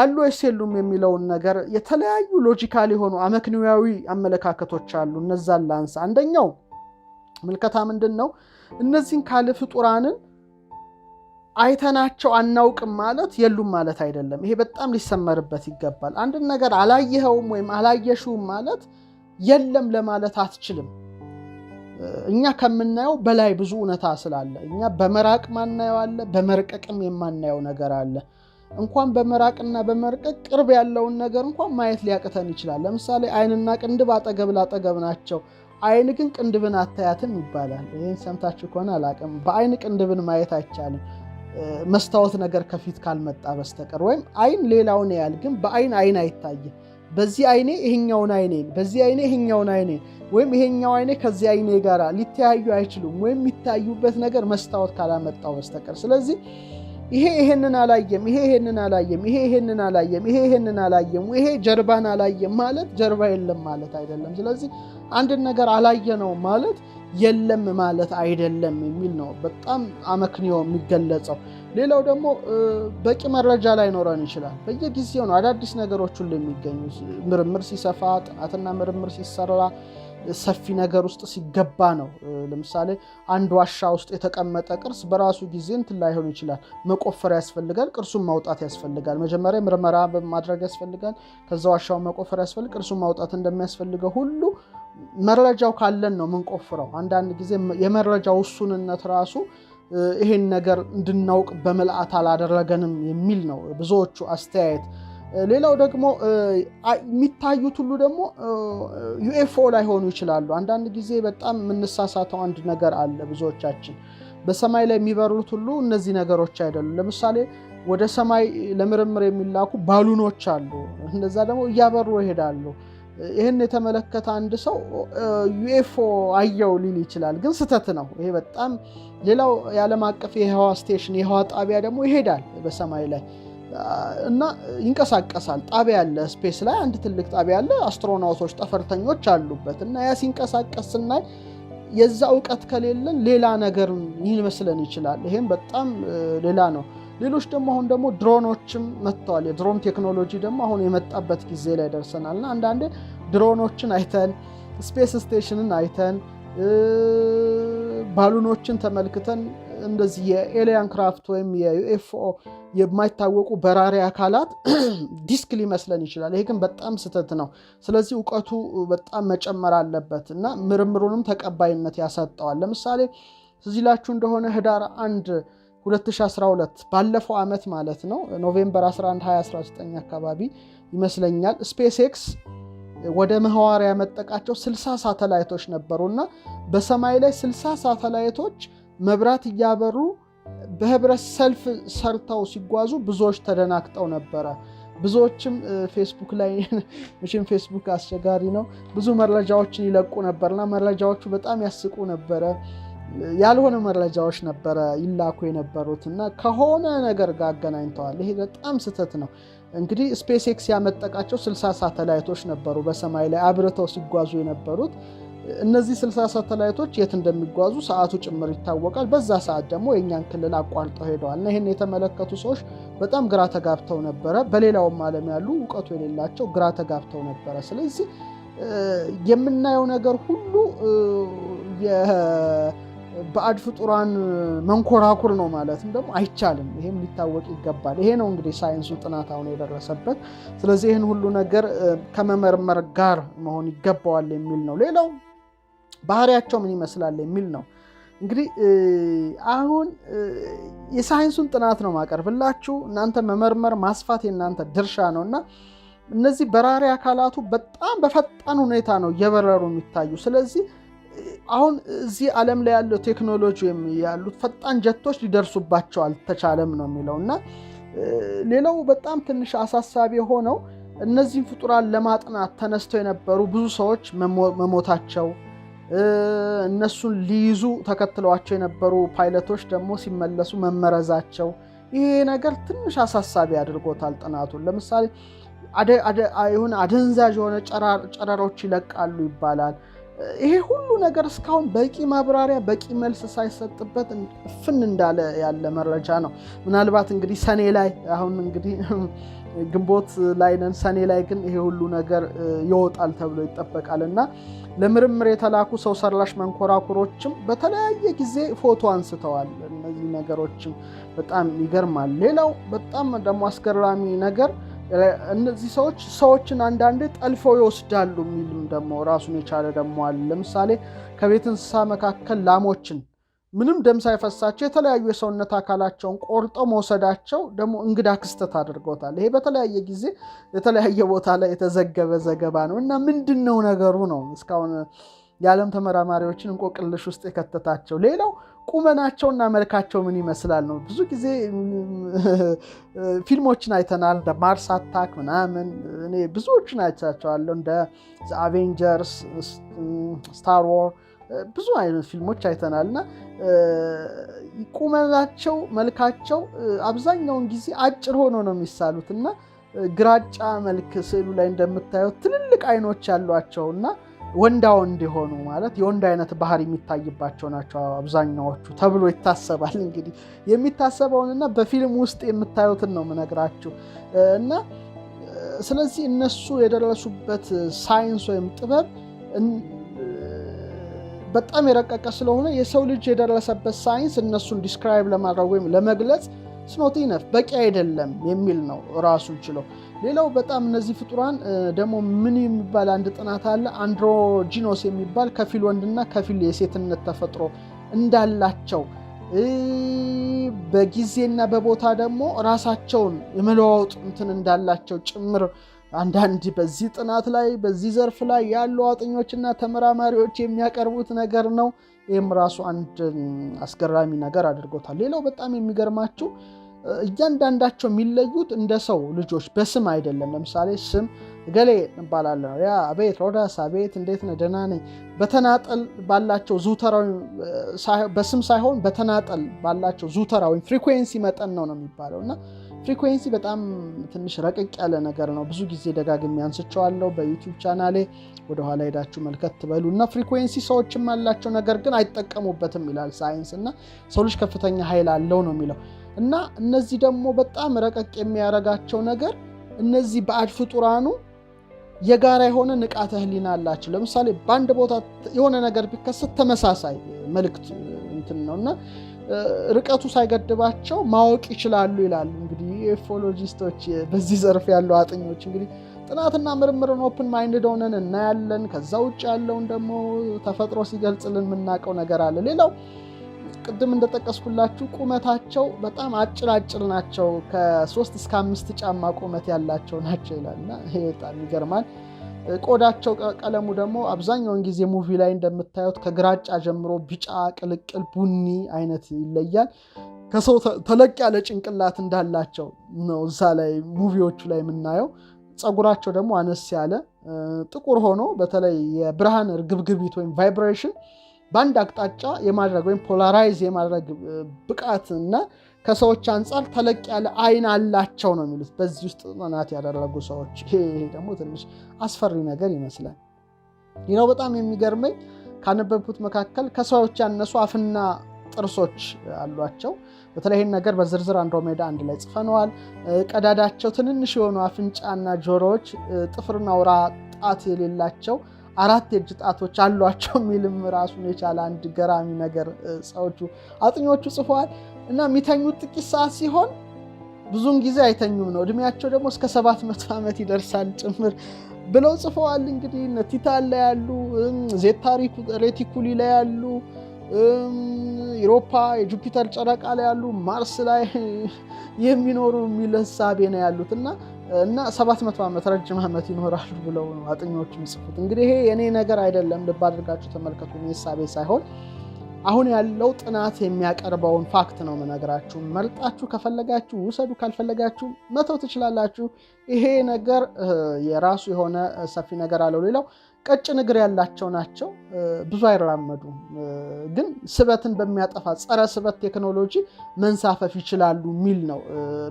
አሉ ወይስ የሉም የሚለውን ነገር የተለያዩ ሎጂካል የሆኑ አመክንያዊ አመለካከቶች አሉ። እነዛን ላንስ። አንደኛው ምልከታ ምንድን ነው? እነዚህን ካለ ፍጡራንን አይተናቸው አናውቅም ማለት የሉም ማለት አይደለም። ይሄ በጣም ሊሰመርበት ይገባል። አንድን ነገር አላየኸውም ወይም አላየሽውም ማለት የለም ለማለት አትችልም። እኛ ከምናየው በላይ ብዙ እውነታ ስላለ እኛ በመራቅ ማናየው አለ፣ በመርቀቅም የማናየው ነገር አለ። እንኳን በመራቅና በመርቀቅ ቅርብ ያለውን ነገር እንኳን ማየት ሊያቅተን ይችላል። ለምሳሌ አይንና ቅንድብ አጠገብ ላጠገብ ናቸው፣ አይን ግን ቅንድብን አታያትም ይባላል። ይህን ሰምታችሁ ከሆነ አላቅም። በአይን ቅንድብን ማየት አይቻልም መስታወት ነገር ከፊት ካልመጣ በስተቀር ወይም አይን ሌላውን ያህል ግን በአይን አይን አይታይም። በዚህ አይኔ ይሄኛውን ዓይኔን በዚህ አይኔ ይሄኛውን ዓይኔን ወይም ይሄኛው አይኔ ከዚህ አይኔ ጋር ሊተያዩ አይችሉም፣ ወይም የሚታዩበት ነገር መስታወት ካላመጣው በስተቀር ስለዚህ ይሄ ይሄንን አላየም፣ ይሄ ይሄንን አላየም፣ ይሄ ይሄንን አላየም፣ ይሄ ይሄንን አላየም፣ ይሄ ጀርባን አላየም ማለት ጀርባ የለም ማለት አይደለም። ስለዚህ አንድን ነገር አላየነው ማለት የለም ማለት አይደለም የሚል ነው። በጣም አመክንዮ የሚገለጸው። ሌላው ደግሞ በቂ መረጃ ላይኖረን ይችላል። በየጊዜው ነው አዳዲስ ነገሮች ሁሉ የሚገኙ። ምርምር ሲሰፋ፣ ጥናትና ምርምር ሲሰራ ሰፊ ነገር ውስጥ ሲገባ ነው። ለምሳሌ አንድ ዋሻ ውስጥ የተቀመጠ ቅርስ በራሱ ጊዜ እንትን ላይሆን ይችላል። መቆፈር ያስፈልጋል፣ ቅርሱን ማውጣት ያስፈልጋል። መጀመሪያ ምርመራ ማድረግ ያስፈልጋል፣ ከዛ ዋሻውን መቆፈር ያስፈልግ፣ ቅርሱን ማውጣት እንደሚያስፈልገው ሁሉ መረጃው ካለን ነው ምንቆፍረው። አንዳንድ ጊዜ የመረጃ ውሱንነት ራሱ ይሄን ነገር እንድናውቅ በምልአት አላደረገንም የሚል ነው ብዙዎቹ አስተያየት ሌላው ደግሞ የሚታዩት ሁሉ ደግሞ ዩኤፍኦ ላይ ሆኑ ይችላሉ። አንዳንድ ጊዜ በጣም የምንሳሳተው አንድ ነገር አለ። ብዙዎቻችን በሰማይ ላይ የሚበሩት ሁሉ እነዚህ ነገሮች አይደሉም። ለምሳሌ ወደ ሰማይ ለምርምር የሚላኩ ባሉኖች አሉ። እነዛ ደግሞ እያበሩ ይሄዳሉ። ይህን የተመለከተ አንድ ሰው ዩኤፍኦ አየው ሊል ይችላል፣ ግን ስህተት ነው። ይሄ በጣም ሌላው የዓለም አቀፍ የህዋ ስቴሽን የህዋ ጣቢያ ደግሞ ይሄዳል በሰማይ ላይ እና ይንቀሳቀሳል። ጣቢያ ያለ ስፔስ ላይ አንድ ትልቅ ጣቢያ ያለ አስትሮናውቶች ጠፈርተኞች አሉበት እና ያ ሲንቀሳቀስ ስናይ የዛ እውቀት ከሌለን ሌላ ነገር ሊመስለን ይችላል። ይሄም በጣም ሌላ ነው። ሌሎች ደግሞ አሁን ደግሞ ድሮኖችም መጥተዋል። የድሮን ቴክኖሎጂ ደግሞ አሁን የመጣበት ጊዜ ላይ ደርሰናል እና አንዳንዴ ድሮኖችን አይተን ስፔስ ስቴሽንን አይተን ባሉኖችን ተመልክተን እንደዚህ የኤሊያን ክራፍት ወይም የዩኤፍኦ የማይታወቁ በራሪ አካላት ዲስክ ሊመስለን ይችላል። ይሄ ግን በጣም ስህተት ነው። ስለዚህ እውቀቱ በጣም መጨመር አለበት እና ምርምሩንም ተቀባይነት ያሰጠዋል። ለምሳሌ እዚህ ላችሁ እንደሆነ ህዳር አንድ 2012 ባለፈው ዓመት ማለት ነው ኖቬምበር 11 2019 አካባቢ ይመስለኛል ስፔስ ኤክስ ወደ ምህዋር ያመጠቃቸው 60 ሳተላይቶች ነበሩና በሰማይ ላይ 60 ሳተላይቶች መብራት እያበሩ በህብረት ሰልፍ ሰርተው ሲጓዙ ብዙዎች ተደናግጠው ነበረ። ብዙዎችም ፌስቡክ ላይ መቼም ፌስቡክ አስቸጋሪ ነው፣ ብዙ መረጃዎችን ይለቁ ነበርና መረጃዎቹ በጣም ያስቁ ነበረ። ያልሆነ መረጃዎች ነበረ ይላኩ የነበሩት እና ከሆነ ነገር ጋር አገናኝተዋል። ይሄ በጣም ስህተት ነው። እንግዲህ ስፔስ ኤክስ ያመጠቃቸው ስልሳ ሳተላይቶች ነበሩ በሰማይ ላይ አብርተው ሲጓዙ የነበሩት እነዚህ ስልሳ ሳተላይቶች የት እንደሚጓዙ ሰዓቱ ጭምር ይታወቃል። በዛ ሰዓት ደግሞ የእኛን ክልል አቋርጠው ሄደዋል እና ይህን የተመለከቱ ሰዎች በጣም ግራ ተጋብተው ነበረ። በሌላውም ዓለም ያሉ እውቀቱ የሌላቸው ግራ ተጋብተው ነበረ። ስለዚህ የምናየው ነገር ሁሉ ባዕድ ፍጡራን መንኮራኩር ነው ማለትም ደግሞ አይቻልም። ይሄም ሊታወቅ ይገባል። ይሄ ነው እንግዲህ ሳይንሱ ጥናት አሁን የደረሰበት። ስለዚህ ይህን ሁሉ ነገር ከመመርመር ጋር መሆን ይገባዋል የሚል ነው። ሌላው ባህሪያቸው ምን ይመስላል የሚል ነው። እንግዲህ አሁን የሳይንሱን ጥናት ነው ማቀርብላችሁ። እናንተ መመርመር ማስፋት የእናንተ ድርሻ ነው እና እነዚህ በራሪ አካላቱ በጣም በፈጣን ሁኔታ ነው እየበረሩ የሚታዩ። ስለዚህ አሁን እዚህ ዓለም ላይ ያለው ቴክኖሎጂ ያሉት ፈጣን ጀቶች ሊደርሱባቸው አልተቻለም ነው የሚለው እና ሌላው በጣም ትንሽ አሳሳቢ የሆነው እነዚህን ፍጡራን ለማጥናት ተነስተው የነበሩ ብዙ ሰዎች መሞታቸው እነሱን ሊይዙ ተከትለዋቸው የነበሩ ፓይለቶች ደግሞ ሲመለሱ መመረዛቸው፣ ይሄ ነገር ትንሽ አሳሳቢ አድርጎታል ጥናቱን። ለምሳሌ የሆነ አደንዛዥ የሆነ ጨረሮች ይለቃሉ ይባላል። ይሄ ሁሉ ነገር እስካሁን በቂ ማብራሪያ በቂ መልስ ሳይሰጥበት እፍን እንዳለ ያለ መረጃ ነው። ምናልባት እንግዲህ ሰኔ ላይ አሁን እንግዲህ ግንቦት ላይ ነን። ሰኔ ላይ ግን ይሄ ሁሉ ነገር ይወጣል ተብሎ ይጠበቃል እና ለምርምር የተላኩ ሰው ሰራሽ መንኮራኩሮችም በተለያየ ጊዜ ፎቶ አንስተዋል። እነዚህ ነገሮችም በጣም ይገርማል። ሌላው በጣም ደግሞ አስገራሚ ነገር እነዚህ ሰዎች ሰዎችን አንዳንዴ ጠልፈው ይወስዳሉ የሚልም ደግሞ ራሱን የቻለ ደግሞ አለ። ለምሳሌ ከቤት እንስሳ መካከል ላሞችን ምንም ደም ሳይፈሳቸው የተለያዩ የሰውነት አካላቸውን ቆርጠው መውሰዳቸው ደግሞ እንግዳ ክስተት አድርጎታል። ይሄ በተለያየ ጊዜ የተለያየ ቦታ ላይ የተዘገበ ዘገባ ነው እና ምንድን ነው ነገሩ ነው እስካሁን የዓለም ተመራማሪዎችን እንቆቅልሽ ውስጥ የከተታቸው። ሌላው ቁመናቸውና መልካቸው ምን ይመስላል ነው። ብዙ ጊዜ ፊልሞችን አይተናል፣ እንደ ማርስ አታክ ምናምን። እኔ ብዙዎችን አይቻቸዋለሁ፣ እንደ አቬንጀርስ፣ ስታር ዎር ብዙ አይነት ፊልሞች አይተናል እና ቁመናቸው፣ መልካቸው አብዛኛውን ጊዜ አጭር ሆኖ ነው የሚሳሉት እና ግራጫ መልክ ስዕሉ ላይ እንደምታየው ትልልቅ አይኖች ያሏቸው እና ወንዳ ወንድ የሆኑ ማለት የወንድ አይነት ባህሪ የሚታይባቸው ናቸው አብዛኛዎቹ ተብሎ ይታሰባል። እንግዲህ የሚታሰበውንና በፊልም ውስጥ የምታዩትን ነው ምነግራችሁ እና ስለዚህ እነሱ የደረሱበት ሳይንስ ወይም ጥበብ በጣም የረቀቀ ስለሆነ የሰው ልጅ የደረሰበት ሳይንስ እነሱን ዲስክራይብ ለማድረግ ወይም ለመግለጽ ስኖት ኢነፍ በቂ አይደለም የሚል ነው ራሱ ችለው። ሌላው በጣም እነዚህ ፍጡራን ደግሞ ምን የሚባል አንድ ጥናት አለ አንድሮጂኖስ የሚባል ከፊል ወንድና ከፊል የሴትነት ተፈጥሮ እንዳላቸው በጊዜና በቦታ ደግሞ ራሳቸውን የመለዋወጥ እንትን እንዳላቸው ጭምር አንዳንድ በዚህ ጥናት ላይ በዚህ ዘርፍ ላይ ያሉ አጥኞችና ተመራማሪዎች የሚያቀርቡት ነገር ነው። ይህም ራሱ አንድ አስገራሚ ነገር አድርጎታል። ሌላው በጣም የሚገርማችሁ እያንዳንዳቸው የሚለዩት እንደ ሰው ልጆች በስም አይደለም። ለምሳሌ ስም እገሌ እንባላለን፣ ያ አቤት ሮዳስ፣ አቤት እንዴት ነህ ደህና ነኝ። በተናጠል ባላቸው ዙተራዊ በስም ሳይሆን በተናጠል ባላቸው ዙተራዊ ፍሪኩዌንሲ መጠን ነው ነው የሚባለው እና ፍሪኩዌንሲ በጣም ትንሽ ረቅቅ ያለ ነገር ነው። ብዙ ጊዜ ደጋግሜ አንስቸዋለሁ በዩቲዩብ ቻናሌ፣ ወደኋላ ሄዳችሁ መልከት ትበሉ እና ፍሪኩዌንሲ ሰዎችም አላቸው፣ ነገር ግን አይጠቀሙበትም ይላል ሳይንስ እና ሰው ልጅ ከፍተኛ ኃይል አለው ነው የሚለው እና እነዚህ ደግሞ በጣም ረቀቅ የሚያደርጋቸው ነገር እነዚህ ባዕድ ፍጡራኑ የጋራ የሆነ ንቃተ ህሊና አላቸው። ለምሳሌ በአንድ ቦታ የሆነ ነገር ቢከሰት ተመሳሳይ መልእክት እንትን ነው እና ርቀቱ ሳይገድባቸው ማወቅ ይችላሉ ይላሉ። እንግዲህ ዩፎሎጂስቶች፣ በዚህ ዘርፍ ያሉ አጥኞች እንግዲህ ጥናትና ምርምርን ኦፕን ማይንድ ሆነን እናያለን። ከዛ ውጭ ያለውን ደግሞ ተፈጥሮ ሲገልጽልን የምናውቀው ነገር አለ። ሌላው ቅድም እንደጠቀስኩላችሁ ቁመታቸው በጣም አጭር አጭር ናቸው። ከሶስት እስከ አምስት ጫማ ቁመት ያላቸው ናቸው ይላልና ይሄ በጣም ይገርማል። ቆዳቸው ቀለሙ ደግሞ አብዛኛውን ጊዜ ሙቪ ላይ እንደምታዩት ከግራጫ ጀምሮ ቢጫ ቅልቅል ቡኒ አይነት ይለያል። ከሰው ተለቅ ያለ ጭንቅላት እንዳላቸው ነው እዛ ላይ ሙቪዎቹ ላይ የምናየው። ፀጉራቸው ደግሞ አነስ ያለ ጥቁር ሆኖ በተለይ የብርሃን እርግብግቢት ወይም ቫይብሬሽን በአንድ አቅጣጫ የማድረግ ወይም ፖላራይዝ የማድረግ ብቃት እና ከሰዎች አንጻር ተለቅ ያለ አይን አላቸው ነው የሚሉት በዚህ ውስጥ ጥናት ያደረጉ ሰዎች። ይሄ ደግሞ ትንሽ አስፈሪ ነገር ይመስላል። ሌላው በጣም የሚገርመኝ ካነበብኩት መካከል ከሰዎች ያነሱ አፍና ጥርሶች አሏቸው። በተለይ ይህን ነገር በዝርዝር አንድሮሜዳ አንድ ላይ ጽፈነዋል። ቀዳዳቸው ትንንሽ የሆኑ አፍንጫና ጆሮዎች፣ ጥፍርና ውራ ጣት የሌላቸው አራት የእጅ ጣቶች አሏቸው የሚልም ራሱን የቻለ አንድ ገራሚ ነገር ሰዎቹ አጥኞቹ ጽፈዋል። እና የሚተኙት ጥቂት ሰዓት ሲሆን ብዙን ጊዜ አይተኙም ነው። እድሜያቸው ደግሞ እስከ ሰባት መቶ ዓመት ይደርሳል ጭምር ብለው ጽፈዋል። እንግዲህ ቲታን ላይ ያሉ፣ ዜታ ሬቲኩሊ ላይ ያሉ፣ ኢሮፓ የጁፒተር ጨረቃ ላይ ያሉ፣ ማርስ ላይ የሚኖሩ የሚል ህሳቤ ነው ያሉት እና እና 700 ዓመት ረጅም ዓመት ይኖራሉ ብለው ነው አጥኞች የሚጽፉት። እንግዲህ ይሄ የእኔ ነገር አይደለም፣ ልብ አድርጋችሁ ተመልከቱ። ሳቤ ሳይሆን አሁን ያለው ጥናት የሚያቀርበውን ፋክት ነው የምነግራችሁ። መልጣችሁ ከፈለጋችሁ ውሰዱ፣ ካልፈለጋችሁ መተው ትችላላችሁ። ይሄ ነገር የራሱ የሆነ ሰፊ ነገር አለው። ሌላው ቀጭን እግር ያላቸው ናቸው፣ ብዙ አይራመዱም። ግን ስበትን በሚያጠፋ ጸረ ስበት ቴክኖሎጂ መንሳፈፍ ይችላሉ የሚል ነው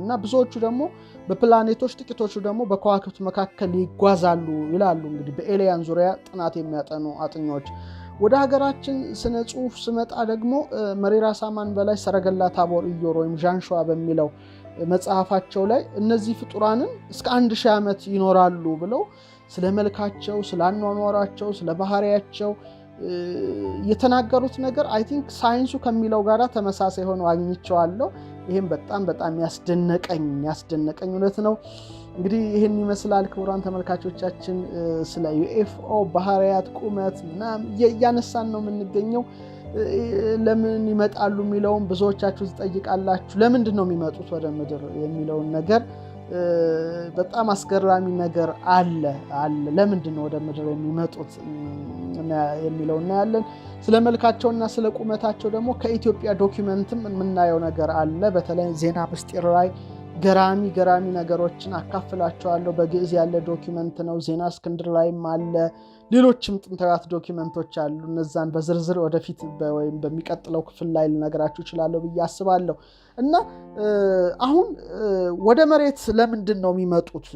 እና ብዙዎቹ ደግሞ በፕላኔቶች ጥቂቶቹ ደግሞ በከዋክብት መካከል ይጓዛሉ ይላሉ። እንግዲህ በኤሊያን ዙሪያ ጥናት የሚያጠኑ አጥኚዎች ወደ ሀገራችን ስነ ጽሁፍ ስመጣ ደግሞ መሪራ ሳማን በላይ ሰረገላ ታቦር እዮር ወይም ዣንሸዋ በሚለው መጽሐፋቸው ላይ እነዚህ ፍጡራንን እስከ አንድ ሺህ ዓመት ይኖራሉ ብለው ስለ መልካቸው፣ ስለ አኗኗራቸው፣ ስለ ባህሪያቸው የተናገሩት ነገር አይ ቲንክ ሳይንሱ ከሚለው ጋር ተመሳሳይ ሆኖ አግኝቼዋለሁ። ይህም በጣም በጣም ያስደነቀኝ ያስደነቀኝ እውነት ነው። እንግዲህ ይህን ይመስላል ክቡራን ተመልካቾቻችን ስለ ዩኤፍኦ ባህሪያት ቁመት ምናምን እያነሳን ነው የምንገኘው። ለምን ይመጣሉ የሚለውን ብዙዎቻችሁ ትጠይቃላችሁ። ለምንድን ነው የሚመጡት ወደ ምድር የሚለውን ነገር በጣም አስገራሚ ነገር አለ አለ። ለምንድን ነው ወደ ምድር የሚመጡት የሚለው እናያለን። ስለ መልካቸውና ስለ ቁመታቸው ደግሞ ከኢትዮጵያ ዶኪመንትም የምናየው ነገር አለ። በተለይ ዜና ምስጢር ላይ ገራሚ ገራሚ ነገሮችን አካፍላቸዋለሁ። በግዕዝ ያለ ዶኪመንት ነው። ዜና እስክንድር ላይም አለ። ሌሎችም ጥንታዊት ዶኪመንቶች አሉ። እነዛን በዝርዝር ወደፊት ወይም በሚቀጥለው ክፍል ላይ ልነግራችሁ እችላለሁ ብዬ አስባለሁ። እና አሁን ወደ መሬት ለምንድን ነው የሚመጡት?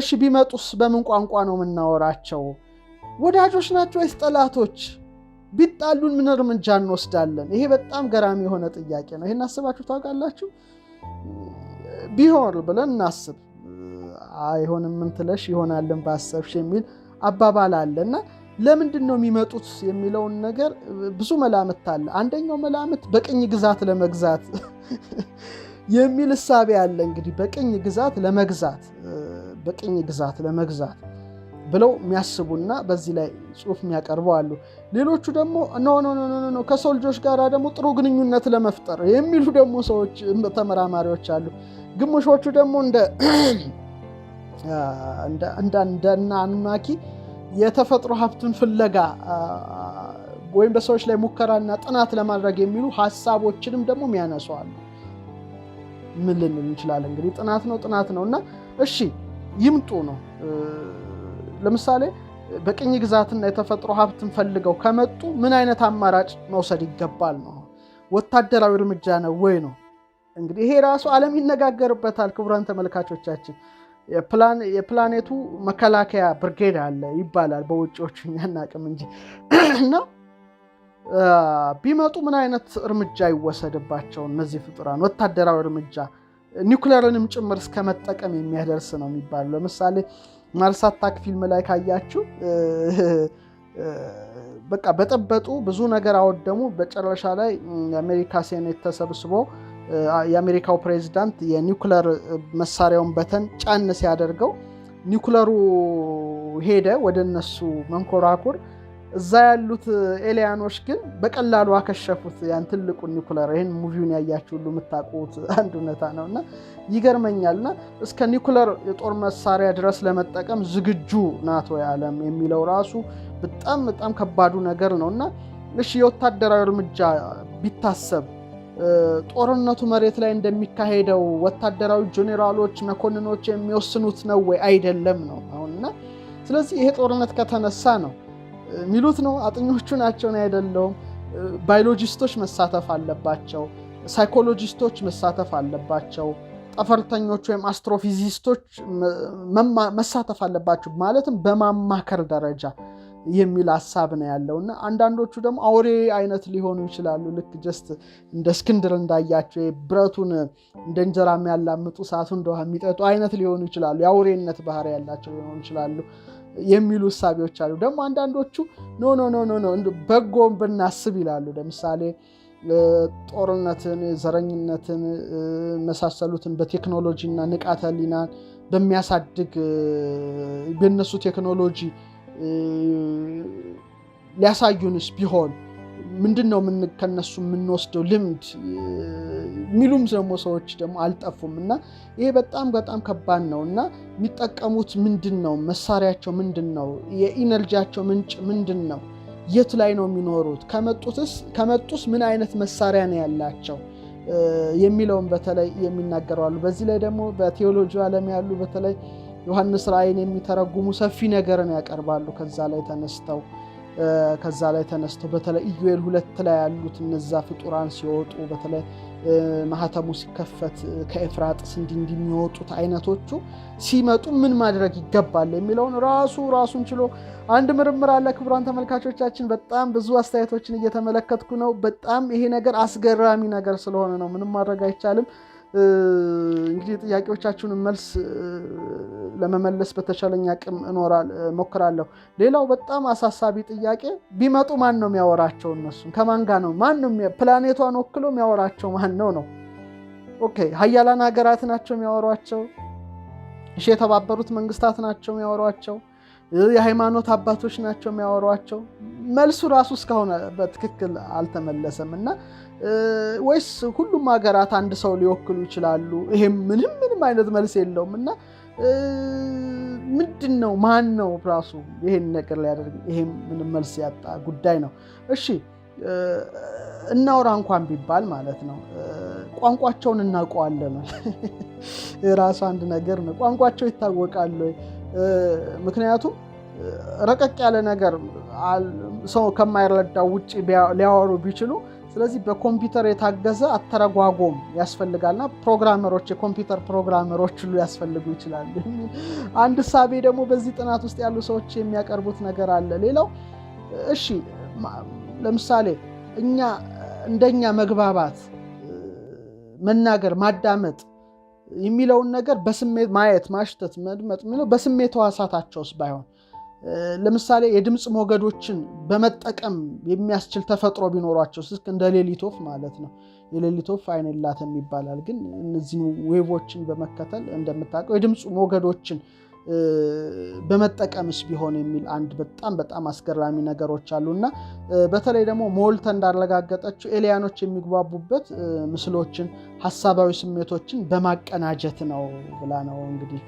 እሺ ቢመጡስ በምን ቋንቋ ነው የምናወራቸው? ወዳጆች ናቸው ወይስ ጠላቶች? ቢጣሉን ምን እርምጃ እንወስዳለን? ይሄ በጣም ገራሚ የሆነ ጥያቄ ነው። ይህን አስባችሁ ታውቃላችሁ? ቢሆን ብለን እናስብ። አይሆንም ምንትለሽ ይሆናልን ባሰብሽ የሚል አባባል አለ እና ለምንድን ነው የሚመጡት የሚለውን ነገር ብዙ መላምት አለ። አንደኛው መላምት በቅኝ ግዛት ለመግዛት የሚል እሳቤ አለ። እንግዲህ በቅኝ ግዛት ለመግዛት በቅኝ ግዛት ለመግዛት ብለው የሚያስቡና በዚህ ላይ ጽሑፍ የሚያቀርቡ አሉ። ሌሎቹ ደግሞ ኖ ኖ ኖ ከሰው ልጆች ጋር ደግሞ ጥሩ ግንኙነት ለመፍጠር የሚሉ ደግሞ ሰዎች ተመራማሪዎች አሉ። ግምሾቹ ደግሞ እንደና አኑናኪ የተፈጥሮ ሀብትን ፍለጋ ወይም በሰዎች ላይ ሙከራና ጥናት ለማድረግ የሚሉ ሀሳቦችንም ደግሞ የሚያነሰዋሉ። ምን ልንል እንችላለን? እንግዲህ ጥናት ነው ጥናት ነው እና እሺ ይምጡ ነው። ለምሳሌ በቅኝ ግዛትና የተፈጥሮ ሀብትን ፈልገው ከመጡ ምን አይነት አማራጭ መውሰድ ይገባል ነው? ወታደራዊ እርምጃ ነው ወይ ነው እንግዲህ ይሄ ራሱ ዓለም ይነጋገርበታል። ክቡራን ተመልካቾቻችን የፕላኔቱ መከላከያ ብርጌድ አለ ይባላል። በውጭዎቹ ያናቅም እንጂ እና ቢመጡ ምን አይነት እርምጃ ይወሰድባቸው እነዚህ ፍጡራን? ወታደራዊ እርምጃ ኒውክሌርንም ጭምር እስከ መጠቀም የሚያደርስ ነው የሚባሉ ለምሳሌ ማርስ አታክ ፊልም ላይ ካያችሁ በቃ በጠበጡ ብዙ ነገር አወደሙ። በጨረሻ ላይ የአሜሪካ ሴኔት ተሰብስቦ የአሜሪካው ፕሬዚዳንት የኒኩለር መሳሪያውን በተን ጫን ሲያደርገው ኒኩለሩ ሄደ ወደ እነሱ መንኮራኩር። እዛ ያሉት ኤሊያኖች ግን በቀላሉ አከሸፉት ያን ትልቁ ኒኩለር ይህን ሙቪውን ያያችሁ ሁሉ የምታውቁት አንድ እውነታ ነው እና ይገርመኛል። እና እስከ ኒኩለር የጦር መሳሪያ ድረስ ለመጠቀም ዝግጁ ናቶ የዓለም የሚለው ራሱ በጣም በጣም ከባዱ ነገር ነው እና እሺ የወታደራዊ እርምጃ ቢታሰብ ጦርነቱ መሬት ላይ እንደሚካሄደው ወታደራዊ ጄኔራሎች፣ መኮንኖች የሚወስኑት ነው ወይ አይደለም ነው አሁንና ስለዚህ ይሄ ጦርነት ከተነሳ ነው የሚሉት ነው አጥኞቹ ናቸውን አይደለውም። ባዮሎጂስቶች መሳተፍ አለባቸው። ሳይኮሎጂስቶች መሳተፍ አለባቸው። ጠፈርተኞች ወይም አስትሮፊዚስቶች መሳተፍ አለባቸው። ማለትም በማማከር ደረጃ የሚል ሀሳብ ነው ያለው እና አንዳንዶቹ ደግሞ አውሬ አይነት ሊሆኑ ይችላሉ። ልክ ጀስት እንደ እስክንድር እንዳያቸው ብረቱን እንደ እንጀራ የሚያላምጡ ሰዓቱ እንደ ውሃ የሚጠጡ አይነት ሊሆኑ ይችላሉ። የአውሬነት ባህሪ ያላቸው ሊሆኑ ይችላሉ የሚሉ እሳቤዎች አሉ። ደግሞ አንዳንዶቹ ኖ ኖ ኖ ኖ በጎን ብናስብ ይላሉ። ለምሳሌ ጦርነትን፣ ዘረኝነትን መሳሰሉትን በቴክኖሎጂ እና ንቃተ በሚያሳድግ በነሱ ቴክኖሎጂ ሊያሳዩንስ ቢሆን ምንድን ነው ከነሱ የምንወስደው ልምድ የሚሉም ደግሞ ሰዎች ደግሞ አልጠፉም እና ይሄ በጣም በጣም ከባድ ነው እና የሚጠቀሙት ምንድን ነው? መሳሪያቸው ምንድን ነው? የኢነርጂያቸው ምንጭ ምንድን ነው? የት ላይ ነው የሚኖሩት? ከመጡስ ምን አይነት መሳሪያ ነው ያላቸው የሚለውን በተለይ የሚናገረዋሉ። በዚህ ላይ ደግሞ በቴዎሎጂ ዓለም ያሉ በተለይ ዮሐንስ ራእይን የሚተረጉሙ ሰፊ ነገርን ያቀርባሉ። ከዛ ላይ ተነስተው ከዛ ላይ ተነስተው በተለይ ኢዩኤል ሁለት ላይ ያሉት እነዛ ፍጡራን ሲወጡ በተለይ ማህተሙ ሲከፈት ከኤፍራጥስ እንዲህ እንዲሚወጡት አይነቶቹ ሲመጡ ምን ማድረግ ይገባል የሚለውን ራሱ ራሱን ችሎ አንድ ምርምር አለ። ክቡራን ተመልካቾቻችን በጣም ብዙ አስተያየቶችን እየተመለከትኩ ነው። በጣም ይሄ ነገር አስገራሚ ነገር ስለሆነ ነው ምንም ማድረግ አይቻልም። እንግዲህ ጥያቄዎቻችሁን መልስ ለመመለስ በተቻለኝ አቅም ሞክራለሁ። ሌላው በጣም አሳሳቢ ጥያቄ ቢመጡ ማን ነው የሚያወራቸው? እነሱም ከማን ጋር ነው ማን ነው ፕላኔቷን ወክሎ የሚያወራቸው ማን ነው ነው? ኦኬ ሀያላን ሀገራት ናቸው የሚያወሯቸው? እሺ የተባበሩት መንግስታት ናቸው የሚያወሯቸው? የሃይማኖት አባቶች ናቸው የሚያወሯቸው። መልሱ ራሱ እስካሁን በትክክል አልተመለሰም እና ወይስ ሁሉም ሀገራት አንድ ሰው ሊወክሉ ይችላሉ? ይሄም ምንም ምንም አይነት መልስ የለውም እና ምንድን ነው ማን ነው ራሱ ይሄን ነገር ሊያደርግ? ይሄም ምንም መልስ ያጣ ጉዳይ ነው። እሺ እናውራ እንኳን ቢባል ማለት ነው ቋንቋቸውን እናውቀዋለን። ራሱ አንድ ነገር ነው። ቋንቋቸው ይታወቃል ወይ? ምክንያቱም ረቀቅ ያለ ነገር ሰው ከማይረዳው ውጭ ሊያወሩ ቢችሉ ስለዚህ በኮምፒውተር የታገዘ አተረጓጎም ያስፈልጋልና ፕሮግራመሮች የኮምፒውተር ፕሮግራመሮች ሁሉ ያስፈልጉ ይችላል። አንድ ሳቤ ደግሞ በዚህ ጥናት ውስጥ ያሉ ሰዎች የሚያቀርቡት ነገር አለ። ሌላው እሺ፣ ለምሳሌ እኛ እንደኛ መግባባት፣ መናገር፣ ማዳመጥ የሚለውን ነገር በስሜት ማየት፣ ማሽተት፣ መድመጥ የሚለው በስሜት ሕዋሳታቸውስ ባይሆን ለምሳሌ የድምፅ ሞገዶችን በመጠቀም የሚያስችል ተፈጥሮ ቢኖሯቸው ስ እንደ ሌሊት ወፍ ማለት ነው። የሌሊት ወፍ አይን ይባላል። ግን እነዚህ ዌቮችን በመከተል እንደምታውቀው የድምፅ ሞገዶችን በመጠቀምስ ቢሆን የሚል አንድ በጣም በጣም አስገራሚ ነገሮች እና በተለይ ደግሞ ሞልተ እንዳረጋገጠችው ኤሊያኖች የሚግባቡበት ምስሎችን፣ ሀሳባዊ ስሜቶችን በማቀናጀት ነው ብላ ነው እንግዲህ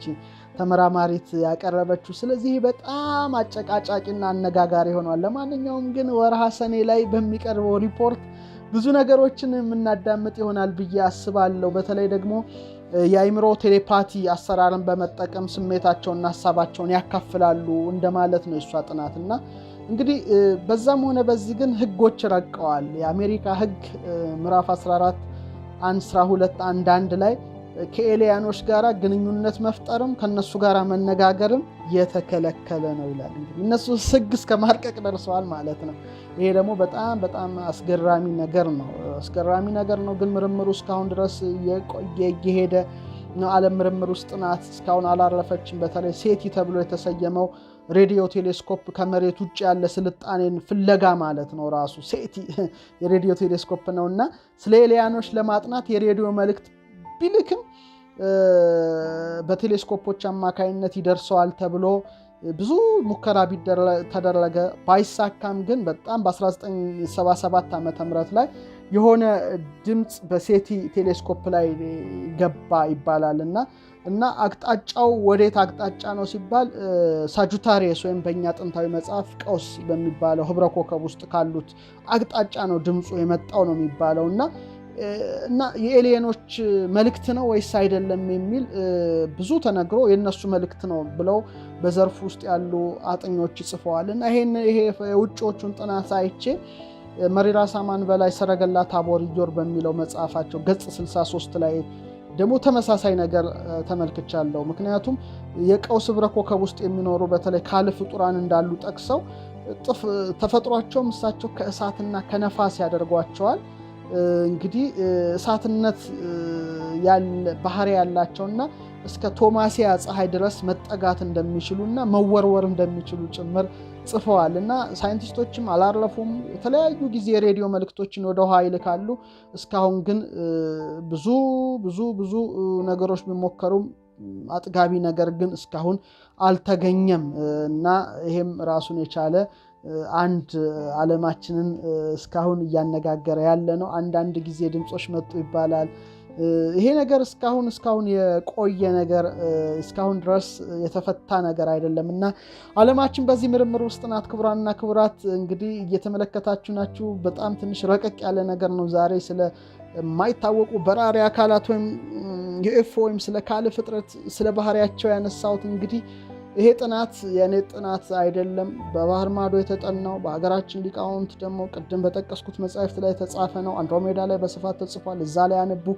ተመራማሪት ያቀረበችው። ስለዚህ በጣም አጨቃጫቂና አነጋጋሪ ሆኗል። ለማንኛውም ግን ወርሃ ሰኔ ላይ በሚቀርበው ሪፖርት ብዙ ነገሮችን የምናዳምጥ ይሆናል ብዬ አስባለሁ። በተለይ ደግሞ የአይምሮ ቴሌፓቲ አሰራርን በመጠቀም ስሜታቸውና ሀሳባቸውን ያካፍላሉ እንደማለት ነው የእሷ ጥናት እና እንግዲህ በዛም ሆነ በዚህ ግን ህጎች ረቀዋል። የአሜሪካ ህግ ምዕራፍ 14 አንድ ስራ ላይ ከኤልያኖች ጋር ግንኙነት መፍጠርም ከነሱ ጋር መነጋገርም የተከለከለ ነው ይላል። እንግዲህ እነሱ ሕግ እስከ ማርቀቅ ደርሰዋል ማለት ነው። ይሄ ደግሞ በጣም በጣም አስገራሚ ነገር ነው። አስገራሚ ነገር ነው። ግን ምርምሩ እስካሁን ድረስ የቆየ እየሄደ ነው። ዓለም ምርምር ውስጥ ጥናት እስካሁን አላረፈችም። በተለይ ሴቲ ተብሎ የተሰየመው ሬዲዮ ቴሌስኮፕ ከመሬት ውጭ ያለ ስልጣኔን ፍለጋ ማለት ነው። ራሱ ሴቲ የሬዲዮ ቴሌስኮፕ ነው እና ስለ ኤልያኖች ለማጥናት የሬዲዮ መልእክት ቢልክም በቴሌስኮፖች አማካይነት ይደርሰዋል ተብሎ ብዙ ሙከራ ተደረገ። ባይሳካም ግን በጣም በ1977 ዓ ም ላይ የሆነ ድምፅ በሴቲ ቴሌስኮፕ ላይ ገባ ይባላል እና እና አቅጣጫው ወዴት አቅጣጫ ነው ሲባል ሳጁታሪየስ ወይም በእኛ ጥንታዊ መጽሐፍ ቀውስ በሚባለው ህብረ ኮከብ ውስጥ ካሉት አቅጣጫ ነው ድምፁ የመጣው ነው የሚባለው እና እና የኤሊየኖች መልእክት ነው ወይስ አይደለም የሚል ብዙ ተነግሮ የእነሱ መልእክት ነው ብለው በዘርፍ ውስጥ ያሉ አጥኞች ጽፈዋል። እና ይሄን ይሄ የውጭዎቹን ጥናት አይቼ መሪራ ሳማን በላይ ሰረገላ ታቦር ዮር በሚለው መጽሐፋቸው ገጽ 63 ላይ ደግሞ ተመሳሳይ ነገር ተመልክቻለሁ። ምክንያቱም የቀውስ ህብረ ኮከብ ውስጥ የሚኖሩ በተለይ ካል ፍጡራን እንዳሉ ጠቅሰው ተፈጥሯቸውም እሳቸው ከእሳትና ከነፋስ ያደርጓቸዋል እንግዲህ እሳትነት ባህሪ ያላቸውና እስከ ቶማሲያ ፀሐይ ድረስ መጠጋት እንደሚችሉና መወርወር እንደሚችሉ ጭምር ጽፈዋል እና ሳይንቲስቶችም አላረፉም። የተለያዩ ጊዜ የሬዲዮ መልእክቶችን ወደ ውሃ ይልካሉ። እስካሁን ግን ብዙ ብዙ ብዙ ነገሮች ቢሞከሩም አጥጋቢ ነገር ግን እስካሁን አልተገኘም እና ይሄም ራሱን የቻለ አንድ ዓለማችንን እስካሁን እያነጋገረ ያለ ነው። አንዳንድ ጊዜ ድምፆች መጡ ይባላል። ይሄ ነገር እስካሁን እስካሁን የቆየ ነገር እስካሁን ድረስ የተፈታ ነገር አይደለም እና አለማችን በዚህ ምርምር ውስጥ ናት። ክቡራንና ክቡራት እንግዲህ እየተመለከታችሁ ናችሁ። በጣም ትንሽ ረቀቅ ያለ ነገር ነው። ዛሬ ስለማይታወቁ በራሪ አካላት ወይም ዩኤፍ ወይም ስለ ካለ ፍጥረት ስለ ባህሪያቸው ያነሳሁት እንግዲህ ይሄ ጥናት የእኔ ጥናት አይደለም። በባህር ማዶ የተጠናው በሀገራችን ሊቃውንት ደግሞ ቅድም በጠቀስኩት መጽሐፍት ላይ የተጻፈ ነው። አንድሮሜዳ ላይ በስፋት ተጽፏል። እዛ ላይ ያነቡ